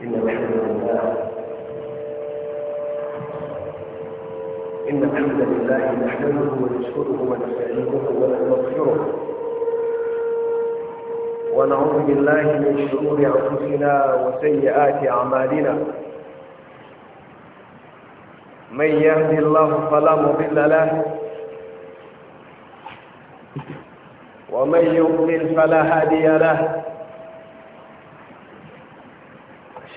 إن الحمد لله إن الحمد لله نحمده ونشكره ونستعينه ونستغفره ونعوذ بالله من شرور أنفسنا وسيئات أعمالنا من يهد الله فلا مضل له ومن يضلل فلا هادي له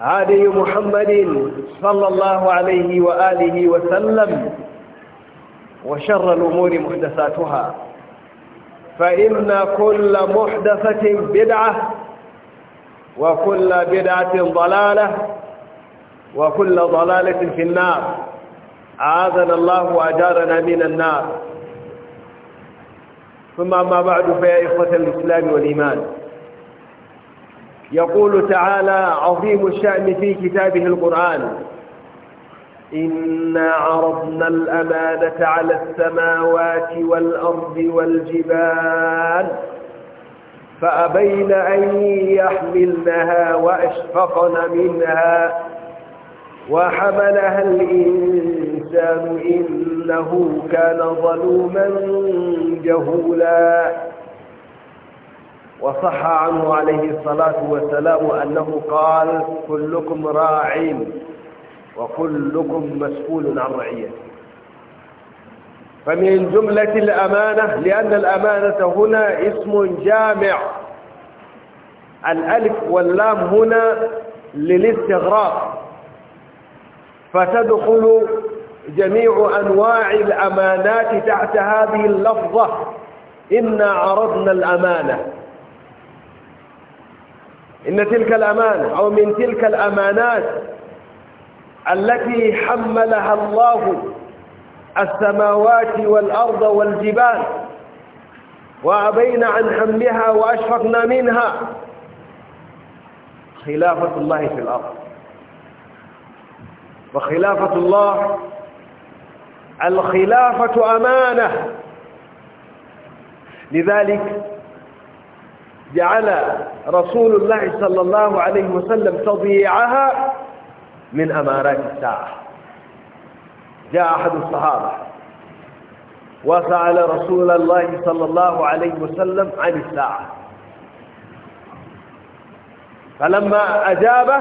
هدي محمد صلى الله عليه وآله وسلم وشر الأمور محدثاتها فإن كل محدثة بدعة وكل بدعة ضلالة وكل ضلالة في النار عاذنا الله وأجارنا من النار ثم ما بعد فيا إخوة الإسلام والإيمان يقول تعالى عظيم الشأن في كتابه القرآن إنا عرضنا الأمانة على السماوات والأرض والجبال فأبين أن يحملنها وأشفقن منها وحملها الإنسان إنه كان ظلوما جهولا وصح عنه عليه الصلاة والسلام أنه قال كلكم راعين وكلكم مسؤول عن رعيته فمن جملة الأمانة لأن الأمانة هنا اسم جامع الألف واللام هنا للاستغراق فتدخل جميع أنواع الأمانات تحت هذه اللفظة إنا عرضنا الأمانة إن تلك الأمانة أو من تلك الأمانات التي حملها الله السماوات والأرض والجبال وأبينا عن حملها وأشفقنا منها خلافة الله في الأرض وخلافة الله الخلافة أمانة لذلك جعل رسول الله صلى الله عليه وسلم تضييعها من أمارات الساعة جاء أحد الصحابة وسأل رسول الله صلى الله عليه وسلم عن الساعة فلما أجابه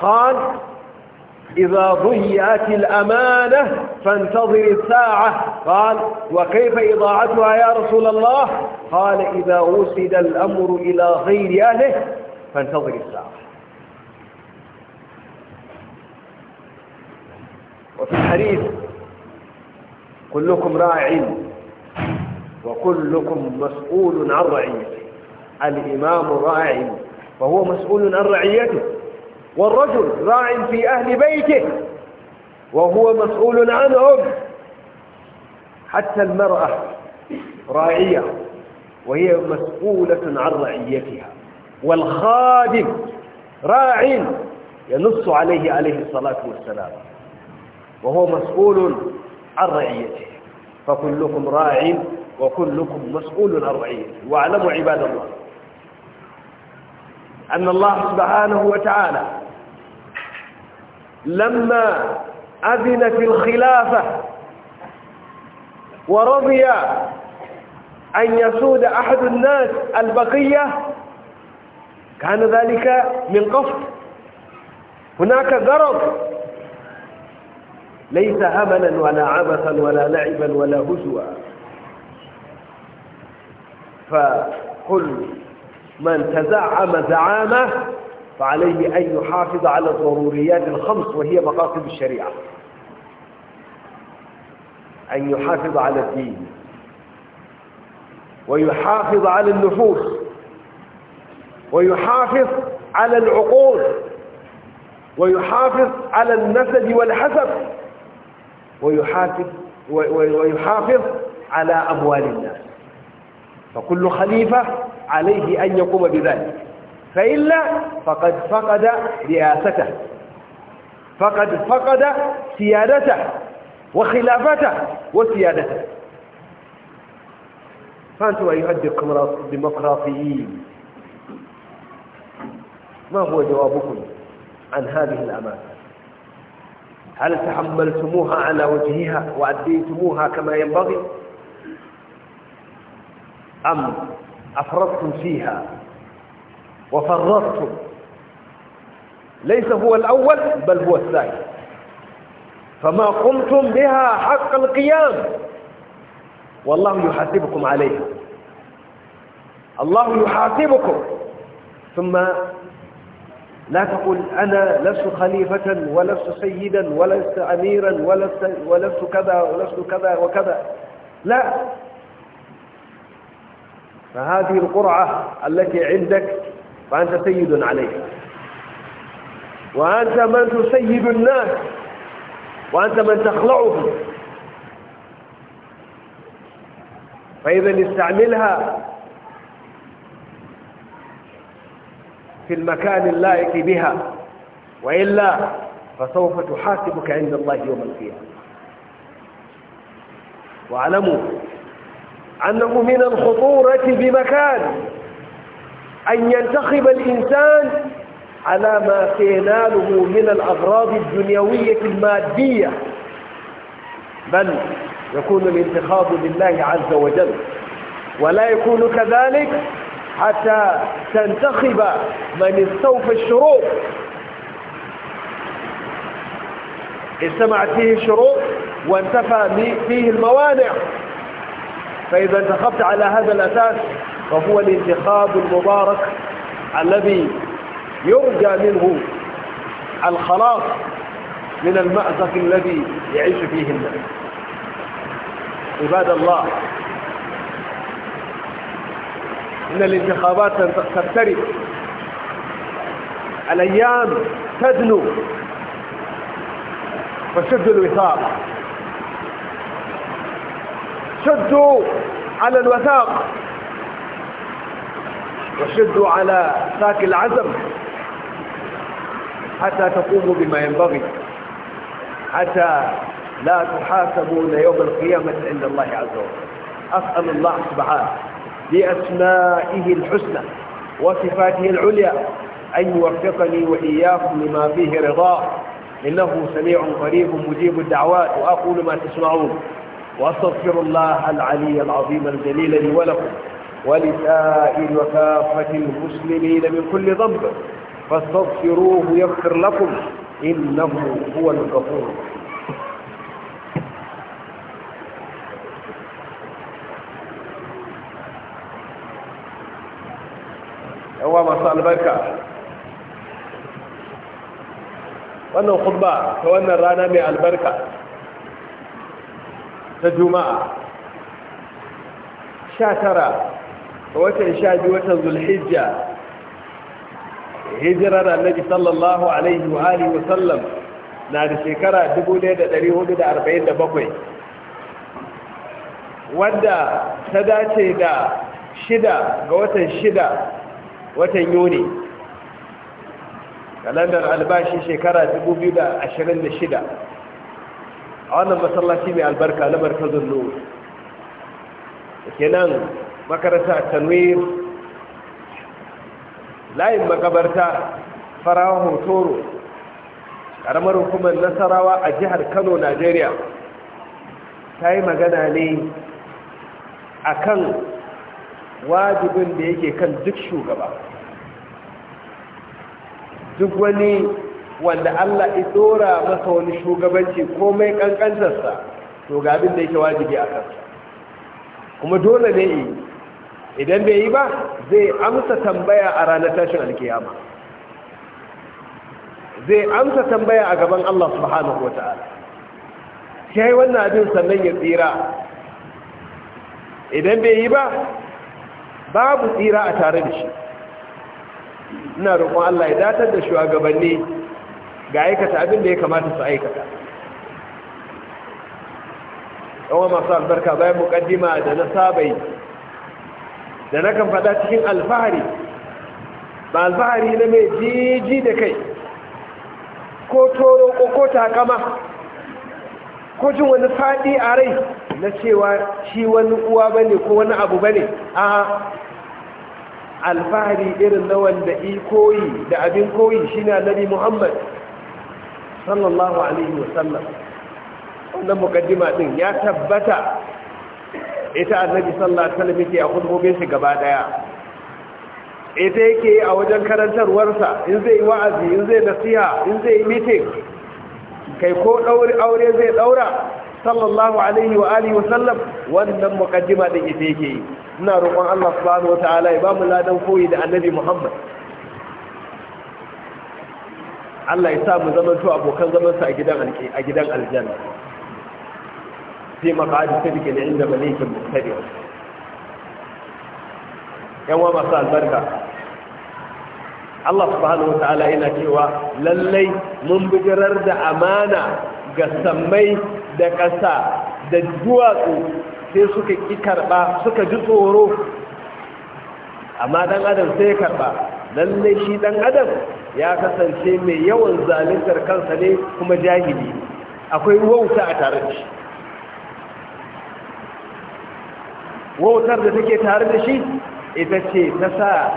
قال إذا ضيعت الأمانة فانتظر الساعة قال وكيف إضاعتها يا رسول الله قال إذا وسد الأمر إلى غير أهله فانتظر الساعة وفي الحديث كلكم راع وكلكم مسؤول عن رعيته الإمام راع فهو مسؤول عن رعيته والرجل راع في أهل بيته وهو مسؤول عنهم حتى المرأة راعية وهي مسؤولة عن رعيتها والخادم راع ينص عليه عليه الصلاة والسلام وهو مسؤول عن رعيته فكلكم راع وكلكم مسؤول عن رعيته واعلموا عباد الله أن الله سبحانه وتعالى لما أذن في الخلافة ورضي أن يسود أحد الناس البقية كان ذلك من قصد هناك غرض ليس هملا ولا عبثا ولا لعبا ولا هزوا فكل من تزعم زعامه فعليه أن يحافظ على الضروريات الخمس وهي مقاصد الشريعة أن يحافظ على الدين ويحافظ على النفوس ويحافظ على العقول ويحافظ على النسب والحسب ويحافظ ويحافظ على أموال الناس فكل خليفة عليه أن يقوم بذلك فإلا فقد فقد رئاسته فقد فقد سيادته وخلافته وسيادته فأنتم أيها الديمقراطيين ما هو جوابكم عن هذه الأمانة هل تحملتموها على وجهها وأديتموها كما ينبغي أم أفرطتم فيها وفرطت ليس هو الأول بل هو الثاني فما قمتم بها حق القيام والله يحاسبكم عليها الله يحاسبكم ثم لا تقول أنا لست خليفة ولست سيدا ولست أميرا ولست, ولست كذا ولست كذا وكذا لا فهذه القرعة التي عندك فأنت سيد عليه وأنت من تسيد الناس وأنت من تخلعهم فإذا استعملها في المكان اللائق بها وإلا فسوف تحاسبك عند الله يوم القيامة واعلموا أنه من الخطورة بمكان أن ينتخب الإنسان على ما سيناله من الأغراض الدنيوية المادية بل يكون الانتخاب لله عز وجل ولا يكون كذلك حتى تنتخب من استوفى الشروط اجتمعت فيه الشروط وانتفى فيه الموانع فإذا انتخبت على هذا الأساس فهو الانتخاب المبارك الذي يرجى منه الخلاص من المأزق الذي يعيش فيه الناس عباد الله إن الانتخابات تقترب الأيام تدنو فشدوا الوثاق شدوا على الوثاق وشدوا على ساك العزم حتى تقوموا بما ينبغي حتى لا تحاسبون يوم القيامة عند الله عز وجل أسأل الله سبحانه بأسمائه الحسنى وصفاته العليا أن يوفقني وإياكم لما فيه رضاه إنه سميع قريب مجيب الدعوات وأقول ما تسمعون وأستغفر الله العلي العظيم الجليل لي ولكم ولسائر وكافة المسلمين من كل ضب فاستغفروه يغفر لكم إنه هو الغفور هو ما صال بك وانا خطبة وانا رانا مع البركة تجمع شاترة watan sha biyu watan zulhijja hijirar annabi sallallahu alaihi wa alihi wa sallam na da shekara 1447 wanda ta dace da shida ga watan shida watan yuni kalandar albashi shekara 2026 a wannan masallaci mai albarka na markazin nuru kenan makaranta tanwir layin makabarta farawa hotoro ƙaramar hukumar nasarawa a jihar kano najeriya ta yi magana ne akan wajibin da yake kan duk shugaba duk wani wanda allah ya dora masa wani shugabanci komai kankantarsa to ga abin da yake wajibi a kansa kuma dole ne idan bai yi ba zai amsa tambaya a ranar tashin alkiyama zai amsa tambaya a gaban Allah subhanahu wata'ala ya wannan abin sannan ya tsira idan bai yi ba babu tsira a tare da shi ina roƙon Allah ya datar da shugabanni ga aikata abin da ya kamata su aikata yawan masu albarka bayan mukaddima da na sabai da na kan faɗa cikin alfahari ba alfahari na mai jiji da kai ko toro ko takama ko jin wani faɗi a rai na cewa shi wani uwa ba ne ko wani abu ba ne a alfahari irin na wanda koyi da abin koyi shi na nabi muhammad sallallahu alaihi wasallam wannan mukaddima din ya tabbata ita annabi sallallahu alaihi wasallam yake a hudubobin shi gaba daya ita yake a wajen karantarwar sa, in zai yi wa'azi in zai nasiha in zai yi meeting kai ko daure aure zai daura sallallahu alaihi wa alihi wasallam wannan muqaddima din ita yake yi ina roƙon Allah subhanahu wataala ya mu ladan koyi da annabi Muhammad Allah ya sa mu zama to abokan zaman sa a gidan aljanna sai maqadi da inda malikin yan wa masu albarka Allah subhanahu ta'ala yana cewa lallai mun bijirar da amana ga sammai da ƙasa da duwatsu sai suka ƙi karɓa ji tsoro amma ɗan adam sai ya karɓa lallai shi ɗan adam ya kasance mai yawan zaluntar kansa ne kuma jahili akwai wauta a tare shi wautar da take tare da shi ita ce ta sa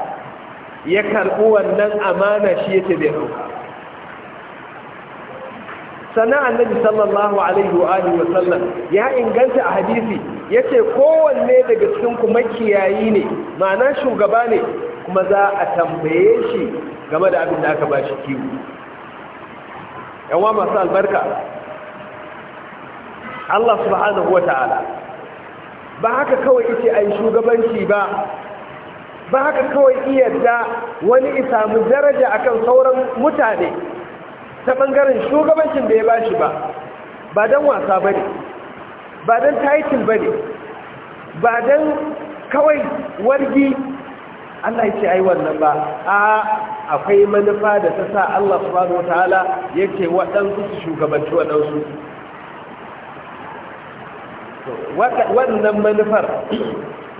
ya karɓi wannan amana shi yake bai ɗauka sannan annabi sallallahu alaihi wa alihi wa sallam ya inganta a hadisi yace kowanne daga cikin ku makiyayi ne ma'ana shugaba ne kuma za a tambaye shi game da abin da aka ba shi kiwo yawa masu albarka Allah subhanahu wa ta'ala ba haka kawai ita a yi shugabanci ba ba haka kawai iyadda wani isamu daraja akan sauran mutane ta ɓangaren shugabancin da ya ba shi ba ba don wasa ba ne ba don taitin ba ne ba don kawai wargi Allah ya ce ai wannan ba a akwai manufa da ta sa Allah subhanahu wataala yake waɗansu su shugabanci waɗansu wannan manufar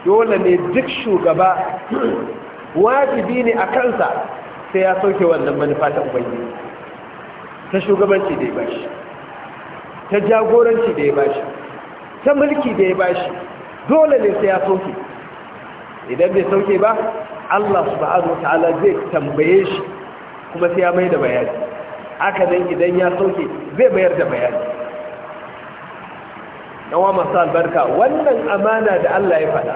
dole ne duk shugaba wajibi ne a kansa sai ya sauke wannan manufa ta ubangiji ta shugabanci da ya bashi ta jagoranci da ya bashi ta mulki da ya bashi dole ne sai ya sauke idan bai sauke ba Allah subhanahu ta'ala zai tambaye shi kuma sai ya mai da bayani haka nan idan ya sauke zai mayar da bayani yawa masu albarka wannan amana da Allah ya faɗa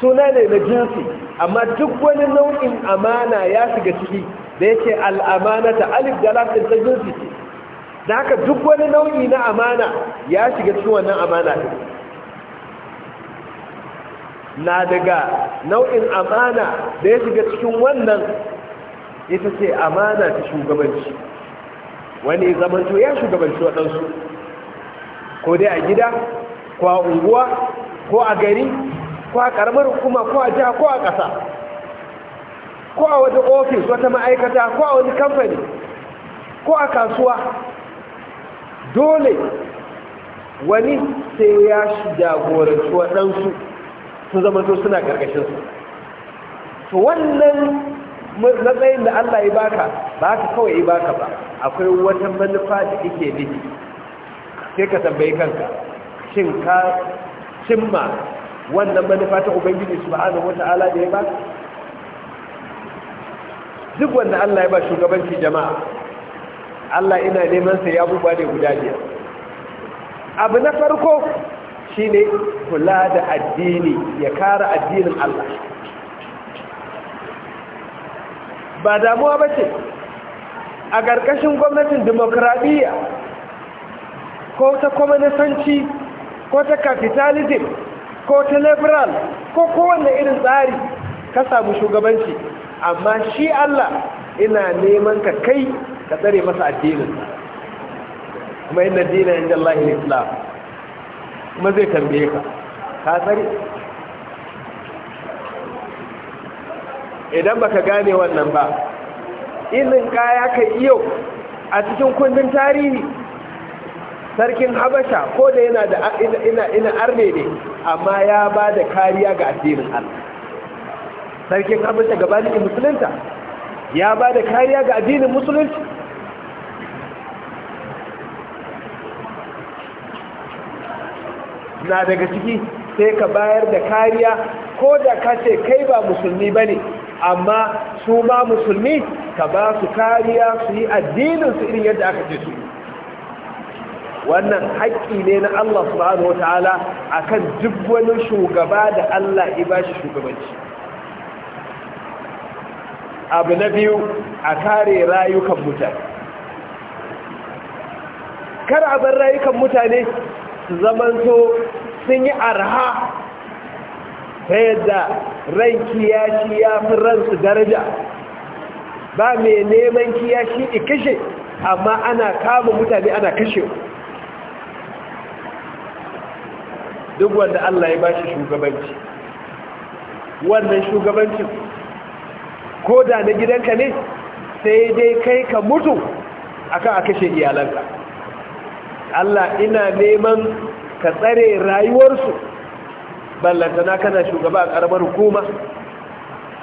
suna ne na jinsi amma duk wani nau'in amana ya shiga ciki da yake al'amana ta alif da lafin ta jinsi ce da haka duk wani nau'i na amana ya shiga cikin wannan amana ɗin na daga nau'in amana da ya shiga cikin wannan ita ce amana ta shugabanci wani zamanto ya shugabanci waɗansu ko dai a gida ko a unguwa ko a gari ko a karamar hukuma ko a jiha ko a ƙasa ko a wata ofis wata ma'aikata ko a wani kamfani ko a kasuwa dole wani sai ya jagoranci waɗansu sun zama to suna ƙarƙashinsu to wannan matsayin da Allah ya baka ba ka kawai ya baka ba akwai wata manufa da ke nufi sai ka tambayi kanka shin ka cimma wannan manufa ta ubangiji subhanahu wata'ala da ya ba duk wanda Allah ya ba shugabanci jama'a Allah ina neman sa ya buba ne guda biyar abu na farko shine kula da addini ya kara addinin Allah ba damuwa ba ce a ƙarƙashin gwamnatin demokradiyya ko ta kwamanisanci ko ta capitalism ko ta liberal ko kowane irin tsari ka samu shugabanci amma shi Allah ina neman ka kai ka tsare masa addinin kuma inda dina inda Allah islam kuma zai tambaye ka ka tsare idan baka gane wannan ba inin kaya kai iyo a cikin kundin tarihi sarkin habasha ko da yana da ina arne ne amma ya ba da kariya ga addinin Allah sarkin habasha gabanin musulunta ya ba da kariya ga addinin musulunci na daga ciki sai ka bayar da kariya ko da ka ce kai ba musulmi ba ne amma su ma musulmi ka ba su kariya su yi addininsu irin yadda aka ce su wannan haƙƙi ne na Allah subhanahu a akan duk wani shugaba da Allah ya shi shugabanci abu na biyu a kare rayukan mutane kar a bar rayukan mutane su so sun yi arha ta yadda ran kiyashi ya fi ransu daraja ba mai neman kiyashi ikishe amma ana kama mutane ana kashe duk wanda Allah ya bashi shugabanci wannan shugabancin ko da na gidanka ne sai dai kai ka mutu akan a kashe iyalanka Allah ina neman ka tsare rayuwarsu ballantana kana shugaba a ƙaramar hukuma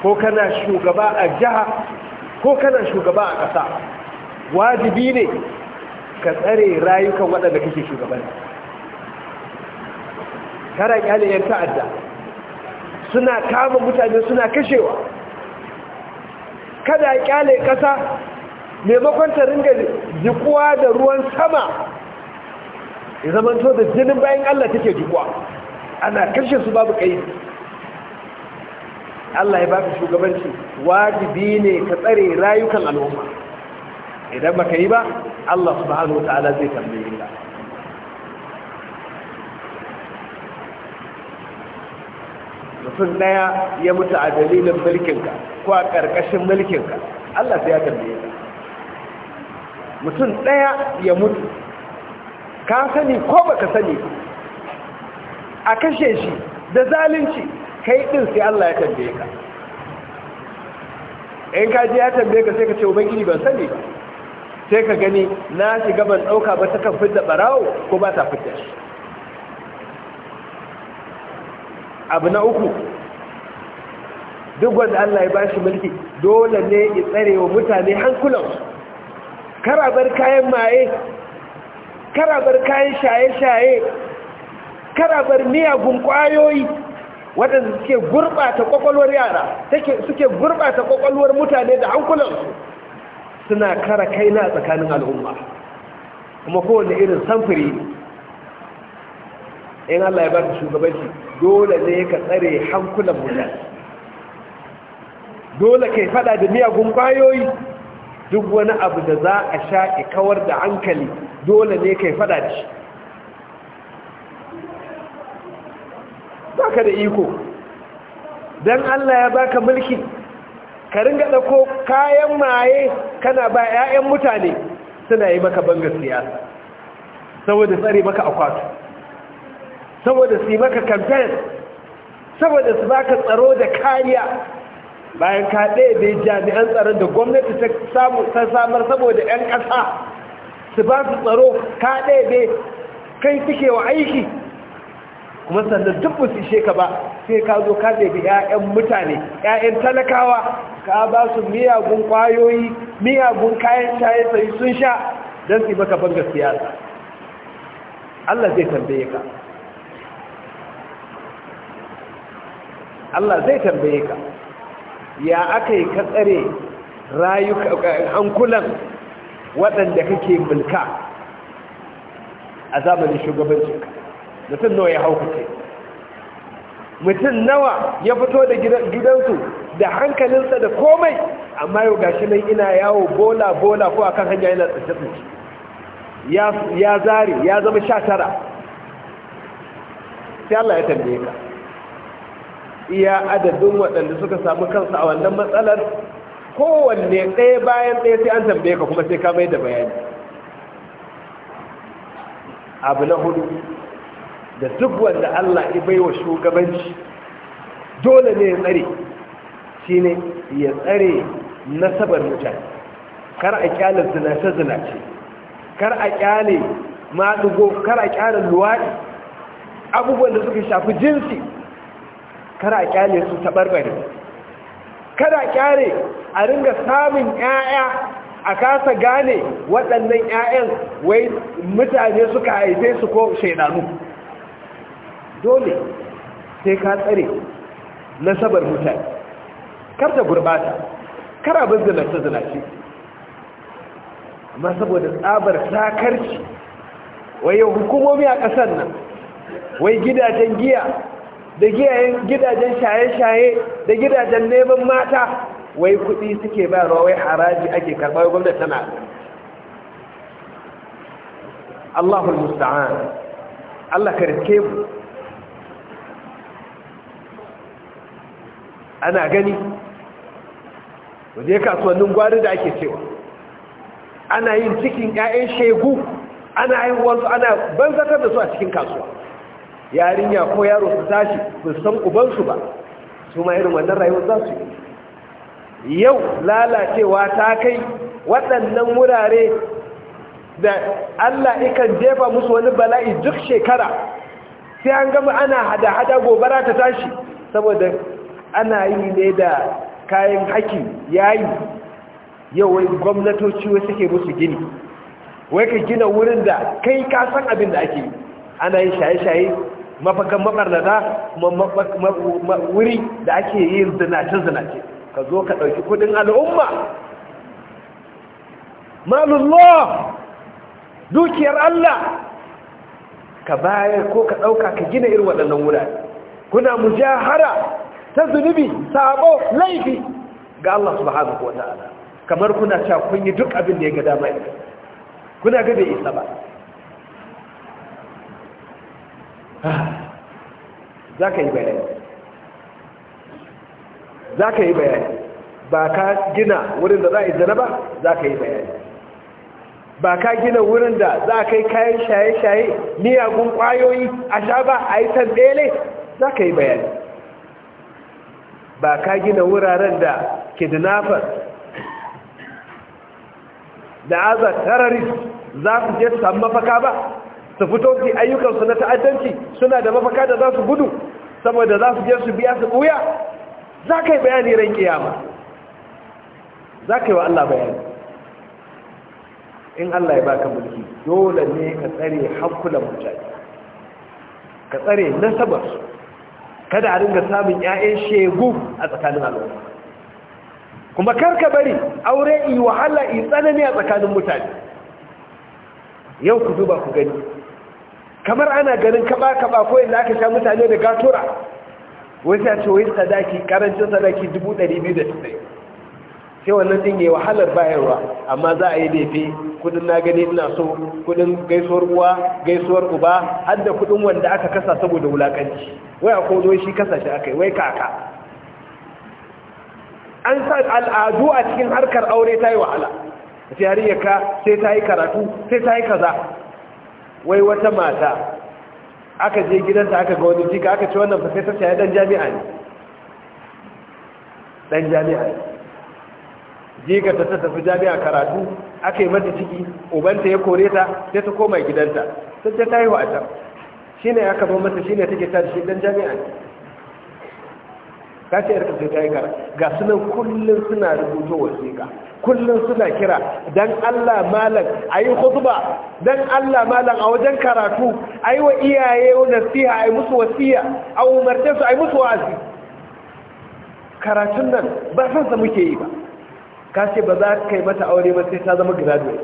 ko kana shugaba a jiha ko kana shugaba a ƙasa wajibi ne ka tsare rayukan waɗanda kake shugabanci. karan kyale yan ta'adda suna kama mutane suna kashewa kada kyale kasa maimakon ta ringa jikuwa da ruwan sama ya zamanto da jinin bayan Allah take jikuwa ana kashe su babu kai Allah ya baka shugabanci wajibi ne ka tsare rayukan al'umma idan baka yi ba Allah subhanahu wa ta'ala zai tambaye ka mutum daya ya mutu a dalilin mulkinka ko a ƙarƙashin mulkinka Allah sai ya tambaye ka mutum daya ya mutu ka sani ko baka sani a kashe shi da zalunci kai din sai Allah ya tambaye ka in ka ji ya tambaye ka sai ka ce ubangiji ban sani ba sai ka gani na shiga ban ɗauka ba ta kan fitta ɓarawo, ko ba ta fitta shi abu na uku duk wanda Allah ya bashi mulki dole ne ya tsare wa mutane hankulansu karabar kayan maye karabar kayan shaye-shaye karabar miyagun kwayoyi waɗanda suke gurɓata ƙwaƙwalwar yara suke gurɓata ƙwaƙwalwar mutane da hankulansu suna kara kaina a tsakanin al'umma kuma kowane irin samfuri in Allah ya ba shugabanci dole ne ka tsare hankulan mutane dole kai fada da miyagun kwayoyi duk wani abu da za a sha kawar da hankali dole ne kai fada da shi baka da iko don Allah ya baka mulki ka ringa ko kayan maye kana ba 'ya'yan mutane suna yi maka banga siyasa saboda tsare maka akwatu saboda su yi maka kamfen saboda su baka tsaro da kariya bayan ka ɗaya jami'an tsaron da gwamnati ta samar saboda 'yan ƙasa su ba su tsaro ka ɗaya kai suke wa aiki kuma sannan duk ba su ishe ka ba sai ka zo ka ɗaya 'ya'yan mutane 'ya'yan talakawa ka ba su miyagun ƙwayoyi miyagun kayan shaye sai sun sha don su yi maka banga siyasa Allah zai tambaye ka Allah zai tambaye ka ya aka yi ka tsare hankulan waɗanda kake mulka a zamanin shugabanci? mutum nawa ya haukace mutum nawa ya fito da gidansu da hankalinsa da komai amma yau gashi nan ina yawo bola-bola ko akan hanya yana tsace ya zari, ya zama sha tara sai Allah ya tambaye ka iya adadin waɗanda suka samu kansu a wannan matsalar kowanne ɗaya bayan ɗaya sai an tambaye ka kuma sai ka mai da bayani abu na hudu da duk wanda Allah ya bai wa shugabanci dole ne ya tsare shi ne ya tsare nasabar mutane kar a kyale zinace-zinace kar a kyale maɗugo kar a kyale luwaɗi abubuwan da suka shafi jinsi kada a kyale su taɓarɓare kada a a ringa samun 'ya'ya a kasa gane waɗannan 'ya'yan wai mutane suka haife su ko shaidanu dole sai ka tsare nasabar mutane kar da gurbata kar abin zinace-zinace amma saboda tsabar sakarci wai hukumomi a ƙasar nan wai gidajen giya da giyayen gidajen shaye-shaye da gidajen neman mata wai kudi suke ba wai haraji ake karɓa gwamnati tana Allahu musta'an Allah ka rike mu ana gani waje kasuwannin gwari da ake cewa ana yin cikin 'ya'yan shegu ana yin wasu ana banzatar da su a cikin kasuwa yarinya ko yaro su tashi su san ubansu ba su ma irin wannan rayuwar za su yi yau lalacewa ta kai waɗannan wurare da Allah ikan jefa musu wani bala'i duk shekara sai an gama ana hada-hada gobara ta tashi saboda ana yi ne da kayan ya yayi yau wai gwamnatoci wai suke musu gini wai ka gina wurin da kai kasan abin da ake yi ana yin shaye-shaye mafakan mabarnada wuri da ake yi zinace-zinace ka zo ka ɗauki kudin al'umma malullah dukiyar Allah ka bayar ko ka ɗauka ka gina irin waɗannan wurare kuna mujahara ta zunubi sabo laifi ga Allah su ba kamar kuna cewa kun yi duk abin da ya ga dama kuna gada isa ba za ka yi bayani za ka yi bayani ba ka gina wurin da za a yi zana ba za ka yi bayani ba ka gina wurin da za a kai kayan shaye-shaye miyagun kwayoyi a sha ba a yi san ɗele za ka yi bayani ba ka gina wuraren da kidnapper da azar terrorist za su je samu mafaka ba su fito su ayyukansu na ta'addanci suna da mafaka da za su gudu saboda za su je su biya su buya. za ka yi bayani ran kiyama za ka yi wa Allah bayani in Allah ya baka mulki dole ne ka tsare hakkulan mutane ka tsare nasabarsu kada a ringa samun 'ya'yan shegu a tsakanin al'umma kuma karka bari aure yi wahala yi tsanani a tsakanin mutane yau ku duba ku gani kamar ana ganin kaba-kaba ko inda aka sha mutane da gatura wasu ya ce wai sadaki karancin sadaki 200,000 sai wannan din yi wahalar bayarwa amma za a yi laifi kudin na gani ina so kudin gaisuwar uwa gaisuwar uba har da kudin wanda aka kasa saboda wulakanci wai a kodo shi kasa shi aka yi wai kaka an sa al'adu a cikin harkar aure ta yi wahala sai har ka sai ta yi karatu sai ta yi kaza wai wata mata aka je gidanta aka ga wani jika aka ci wannan fasai ta dan jami'a ne dan jami'a ne jika ta tafi jami'a karatu aka yi mata ciki ubanta ya kore ta sai ta koma gidanta sai ta yi a shine aka bar mata shine take ta shi dan jami'a ne ka ce yarka sai ta yi kara ga nan kullum suna rubuta wasiƙa kullum suna kira don allah malam a yi hutuba don allah malam a wajen karatu a yi wa iyaye nasiha a yi musu wasiya a umarce su a yi musu wa'azi karatun nan ba san sa muke yi ba ka ce ba za ka yi mata aure ba sai ta zama graduate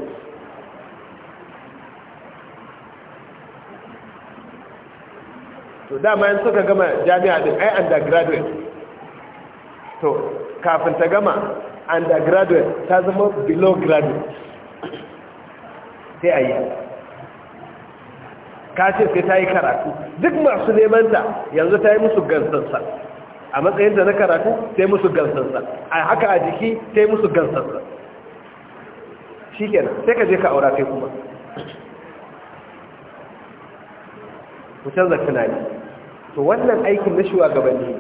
to dama yin suka gama jami'a din ai undergraduate to kafin ta gama undergraduate ta zama below graduate sai a yi kace sai ta yi karatu duk masu neman ta yanzu ta yi musu gansansa a matsayin da na karatu sai musu gansansa a haka a jiki sai musu gansansa shi kenan sai ka je ka aura kai kuma ku canza tunani to wannan aikin na shugabanni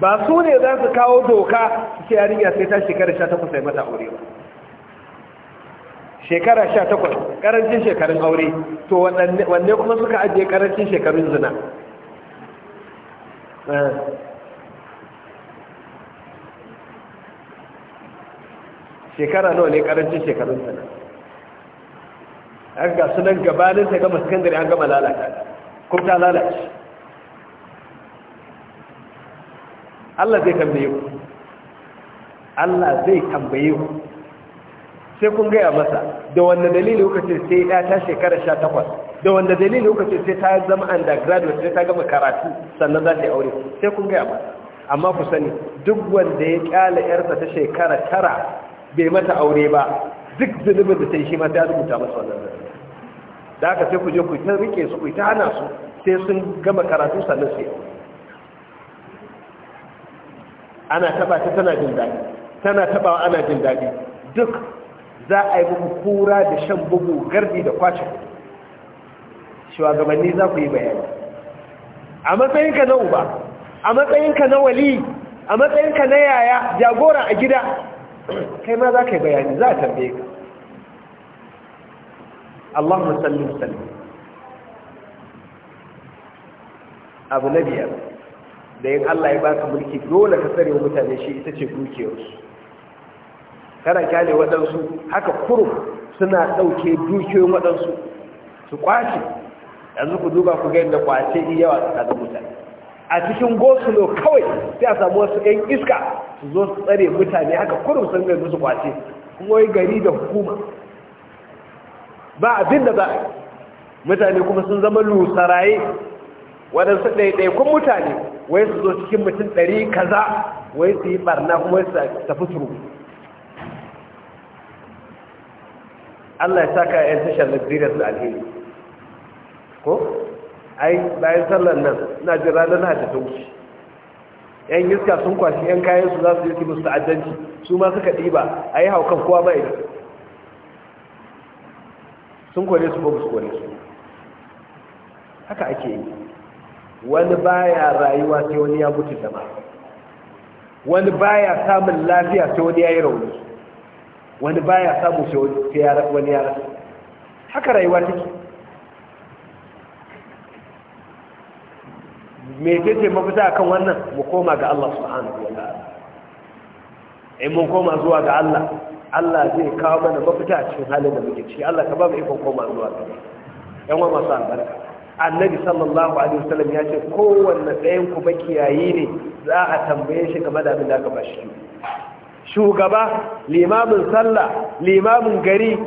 ba su ne za su kawo doka su ce yarinya sai ta shekara 18 sai mata aure ba shekara 18 karancin shekarun aure to wanne kuma suka ajiye karancin shekarun zina eh. shekara nawa ne karancin shekarun zina an ga sunan gabanin sai gama sakandare an gama lalata kuma ta lalace Allah zai tambaye ku Allah zai tambaye ku sai kun gaya masa da wanda dalili kuka ce sai ya ta shekara 18 da wanda dalili kuka ce sai ta zama undergraduate sai ta gama karatu sannan za ta yi aure sai kun gaya masa amma ku sani duk wanda ya kyala yarsa ta shekara tara bai mata aure ba duk zunubin da ta yi shi ma ta rubuta masa wannan zunubin da aka sai ku je ku ta rike su ku ta hana su sai sun gama karatu sannan sai aure ana taba ta tana jin daɗi tana taba ana jin daɗi duk za a yi muku kura da shan bugu gardi da kwace shugabanni za ku yi bayani a matsayinka na uba a matsayinka na wali a matsayinka na yaya jagora a gida kai ma za ka yi bayani za a tambaye ka Allahumma sallim sallim abu na biyar da yin Allah ya ba su mulki dole ka tsare mutane shi ita ce dukiyarsu kana kyale waɗansu haka kurum suna ɗauke dukiyoyin waɗansu su kwace yanzu ku duba ku ga yadda kwace yi yawa kada mutane a cikin gosulo kawai sai a samu wasu 'yan iska su zo su tsare mutane haka kurum sun ga su kwace kuma yi gari da hukuma ba abin da za a mutane kuma sun zama lusaraye waɗansu ɗaiɗaikun mutane wai su zo cikin mutum ɗari kaza wai su yi ɓarna kuma su tafi turu Allah ya saka yan tashar Najeriya su alheri ko ai bayan sallar nan ina jin ranar na da wuce yan iska sun kwashi yan kayan su za su yi musu ta'addanci su ma suka ɗiba a yi haukan kowa mai sun kore su ba su kore su haka ake yi wani baya rayuwa sai wani ya mutu da wani baya samun lafiya sai wani ya yi rauni wani baya samun sai wani ya rasu haka rayuwa take me ce mafita akan wannan mu koma ga Allah subhanahu wa ta'ala in mun koma zuwa ga Allah Allah zai kawo mana mafita cikin halin da muke ciki Allah ka ba mu ikon koma zuwa ga Allah yan wa masu albarka annabi sallallahu alaihi wasallam ya ce kowanne ɗayan ku makiyayi ne za a tambaye shi game da abin da aka bashi shugaba limamin sallah limamin gari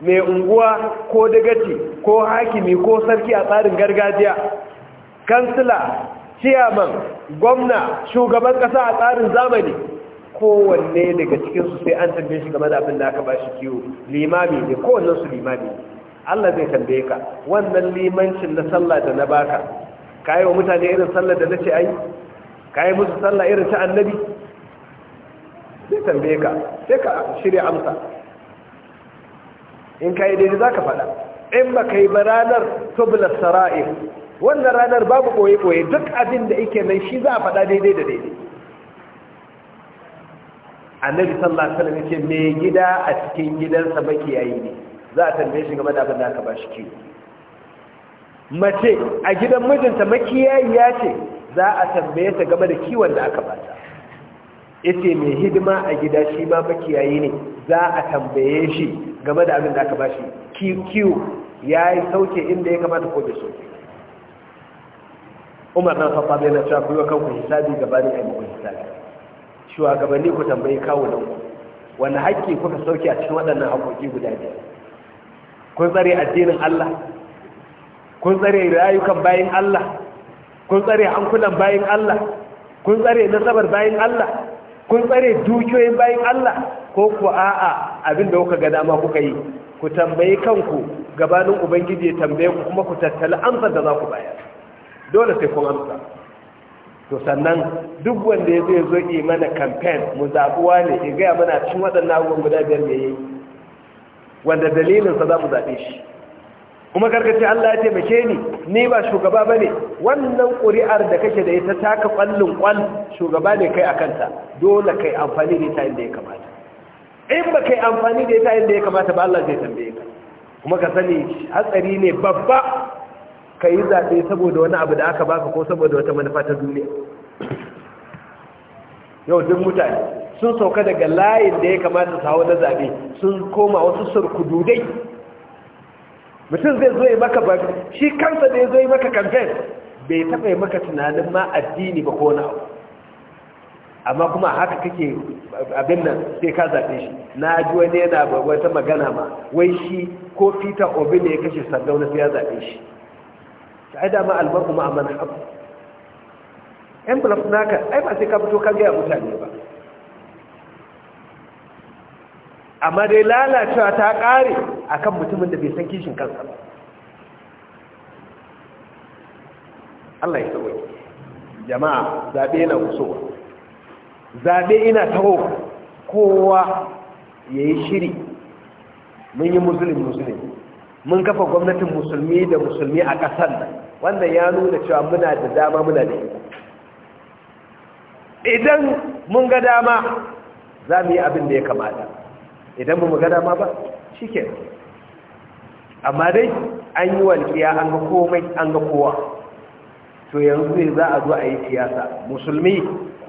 mai unguwa ko dagaci ko hakimi ko sarki a tsarin gargajiya kansila ciyaman gwamna shugaban ƙasa a tsarin zamani kowanne daga cikinsu sai an tambaye shi game da abin da aka bashi kiwo limami ne kowannen su limami ne Allah zai tambaye ka wannan limancin na sallah da na baka kai wa mutane irin sallah da nace ai kai musu sallah irin ta annabi zai tambaye ka sai ka shirya amsa in dai daidai ka faɗa in ba kai ba ranar tubla sara'i wannan ranar babu koye-koye duk abin da yake nan shi za a faɗa daidai da daidai annabi sallallahu alaihi wasallam yace me gida a cikin gidansa makiyayi ne za a tambaye shi game da abin da aka ba shi kiwo mace a gidan mijinta makiyayiya ce za a tambaye ta game da kiwon da aka bata ita mai hidima a gida shi ma makiyayi ne za a tambaye shi game da abin da aka ba shi kiwo ya yi sauke inda ya kamata ko bai sauke umar na fafa bai na cewa kuwa kanku hisabi gabanin a muku hisabi shugabanni ku tambayi kawo nan wani haƙƙi kuka sauke a cikin waɗannan haƙoƙi guda biyar kun tsare addinin Allah kun tsare rayukan bayin Allah kun tsare hankulan bayin Allah kun tsare nasabar bayin Allah kun tsare dukiyoyin bayin Allah ko ku a'a abin da kuka ga dama kuka yi ku tambayi kanku gabanin ubangiji ya tambaye ku kuma ku tattala amsar da za ku bayar dole sai kun amsa to sannan duk wanda ya zai zo yi mana campaign mu zabuwa ne ya gaya mana cin waɗannan abubuwan guda biyar ne yayi wanda dalilinsa za mu zaɓe shi kuma karkace Allah ya taimake ni ni ba shugaba ba ne wannan ƙuri'ar da kake da ita taka ƙwallin ƙwan shugaba ne kai a kanta dole kai amfani da ita inda ya kamata in ba kai amfani da ita inda ya kamata ba Allah zai tambaye ka kuma ka sani hatsari ne babba ka yi zaɓe saboda wani abu da aka baka ko saboda wata manufa ta duniya yau duk mutane sun sauka daga layin da ya kamata su hawa na zaɓe sun koma wasu surkududai mutum zai zo yi maka ba shi kansa da ya zo yi maka kamfen bai taɓa yi maka tunanin ma addini ba ko na amma kuma haka kake abin nan sai ka zaɓe shi na ji wani yana wata magana ma wai shi ko peter obi ne ya kashe sardauna sai ya zaɓe shi ta dama a envelope naka ai ba sai ka fito ka gaya mutane ba amma dai lalacewa ta ƙare a kan mutumin da bai san kishin kansa ba Allah ya tsawo jama'a zaɓe yana kusowa Zaɓe ina taho kowa ya yi shiri mun yi musulun musulun mun kafa gwamnatin musulmi da musulmi a ƙasar nan wannan ya nuna cewa muna da dama muna da iko idan mun ga dama za mu yi abin da ya kamata idan mun ga dama ba shi ke amma dai an yi walƙiya an ga komai an ga kowa to yanzu ne za a zo a yi siyasa musulmi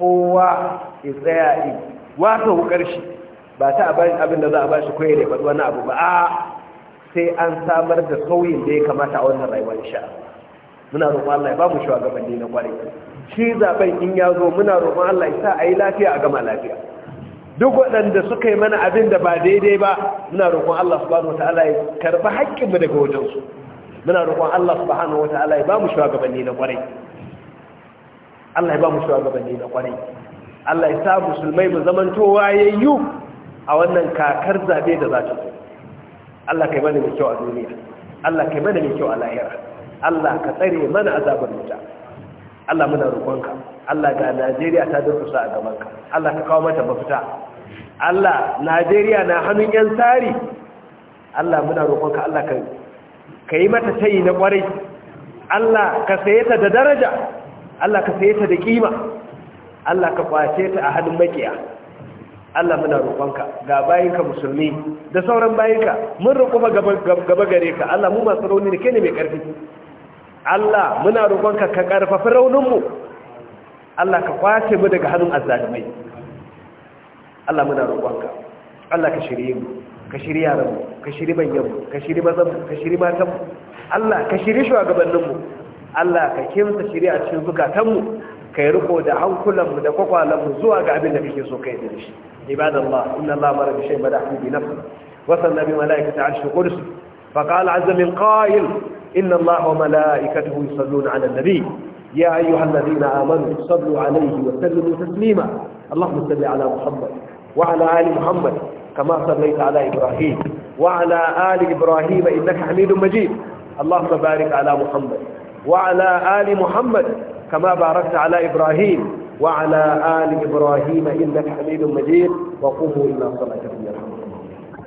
kowa ya tsaya wata hukar shi ba ta abin da za a ba shi kwaye da faɗi wani abu ba a sai an samar da sauyin da ya kamata a wannan rayuwar sha muna roƙon Allah ya ba mu shugabanni na kwarai shi zaben in ya zo muna roƙon Allah ya sa a yi lafiya a gama lafiya duk waɗanda suka yi mana abin da ba daidai ba muna roƙon Allah subhanahu wata'ala ya karɓi haƙƙinmu daga wajensu muna roƙon Allah subhanahu wata'ala ya ba mu shugabanni na ƙwarai Allah ya ba mu shugabanni na ƙwarai Allah ya sa musulmai mu ya yi a wannan kakar zaɓe da za ta zo Allah yi mana mai kyau a duniya Allah yi mana mai kyau a lahira Allah ka tsare mana azabar mutane Allah muna roƙonka Allah ga Najeriya ta durkusa a gabanka Allah ka kawo mata mafita Allah Najeriya na hannun yan tsari Allah muna roƙonka Allah ka yi mata tayi na ƙwarai Allah ka saye ta da daraja Allah ka saye ta da kima Allah ka kwace ta a hannun makiya Allah muna roƙonka ga bayinka musulmi da sauran bayinka mun roƙo gaba gare ka Allah mu masu rauni ne kene ne mai ƙarfi Allah muna roƙonka ka ƙarfafi rauninmu Allah ka kwace mu daga hannun azalimai. Allah muna roƙonka Allah ka shirye mu ka shirye yaranmu ka shirye manyanmu, ka shirye mazanmu ka shirye matanmu Allah ka shirye shugabanninmu Allah ka kimsa shirye a cikin zukatanmu ka yi riko da hankulanmu da kwakwalanmu zuwa ga abin da kake so ka yi da shi ibadallah inna Allah mara bi shay'in bada bi nafsi wa sanna bi malaikati arshi qudus fa qala إن الله وملائكته يصلون على النبي يا أيها الذين آمنوا صلوا عليه وسلموا تسليما اللهم صل على محمد وعلى آل محمد كما صليت على إبراهيم وعلى آل إبراهيم إنك حميد مجيد اللهم بارك على محمد وعلى آل محمد كما باركت على إبراهيم وعلى آل إبراهيم إنك حميد مجيد وقوموا إلى صلاتكم